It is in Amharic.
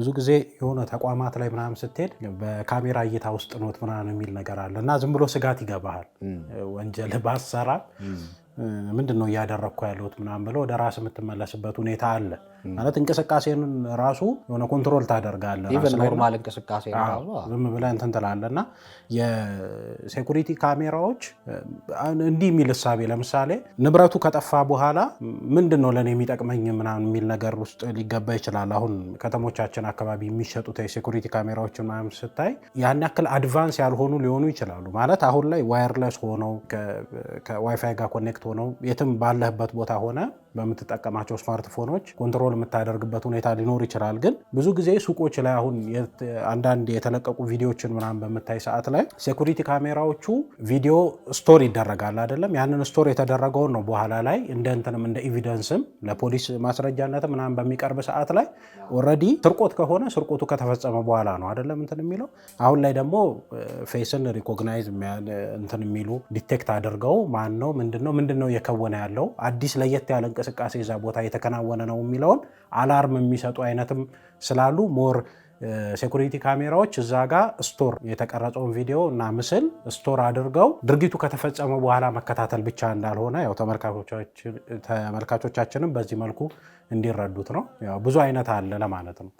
ብዙ ጊዜ የሆነ ተቋማት ላይ ምናምን ስትሄድ በካሜራ እይታ ውስጥ ኖት ምናምን የሚል ነገር አለ እና ዝም ብሎ ስጋት ይገባሃል። ወንጀል ባሰራ ምንድን ነው እያደረግኩ ያለሁት ምናምን ብለው ወደ ራስ የምትመለስበት ሁኔታ አለ። ማለት እንቅስቃሴን ራሱ የሆነ ኮንትሮል ታደርጋለህ። ኖርማል እንቅስቃሴ ዝም ብለህ እንትን ትላለህ እና የሴኩሪቲ ካሜራዎች እንዲህ የሚል እሳቤ ለምሳሌ ንብረቱ ከጠፋ በኋላ ምንድን ነው ለእኔ የሚጠቅመኝ ምናምን የሚል ነገር ውስጥ ሊገባ ይችላል። አሁን ከተሞቻችን አካባቢ የሚሸጡት የሴኩሪቲ ካሜራዎችን ምናምን ስታይ ያን ያክል አድቫንስ ያልሆኑ ሊሆኑ ይችላሉ። ማለት አሁን ላይ ዋይርለስ ሆነው ከዋይፋይ ጋር ኮኔክት ሆነው የትም ባለህበት ቦታ ሆነ በምትጠቀማቸው ስማርትፎኖች ኮንትሮል የምታደርግበት ሁኔታ ሊኖር ይችላል። ግን ብዙ ጊዜ ሱቆች ላይ አሁን አንዳንድ የተለቀቁ ቪዲዮችን ምናምን በምታይ ሰዓት ላይ ሴኩሪቲ ካሜራዎቹ ቪዲዮ ስቶር ይደረጋል አይደለም? ያንን ስቶር የተደረገውን ነው በኋላ ላይ እንደ እንትንም እንደ ኤቪደንስም ለፖሊስ ማስረጃነት ምናምን በሚቀርብ ሰዓት ላይ ኦልሬዲ ስርቆት ከሆነ ስርቆቱ ከተፈጸመ በኋላ ነው አይደለም እንትን የሚለው አሁን ላይ ደግሞ ፌስን ሪኮግናይዝ እንትን የሚሉ ዲቴክት አድርገው ማን ነው ምንድነው ምንድነው እየከወነ ያለው አዲስ ለየት ያለ እንቅስቃሴ እዛ ቦታ የተከናወነ ነው የሚለውን አላርም የሚሰጡ አይነትም ስላሉ ሞር ሴኩሪቲ ካሜራዎች እዛ ጋር ስቶር የተቀረጸውን ቪዲዮ እና ምስል ስቶር አድርገው ድርጊቱ ከተፈጸመ በኋላ መከታተል ብቻ እንዳልሆነ ያው ተመልካቾቻችንም በዚህ መልኩ እንዲረዱት ነው። ብዙ አይነት አለ ለማለት ነው።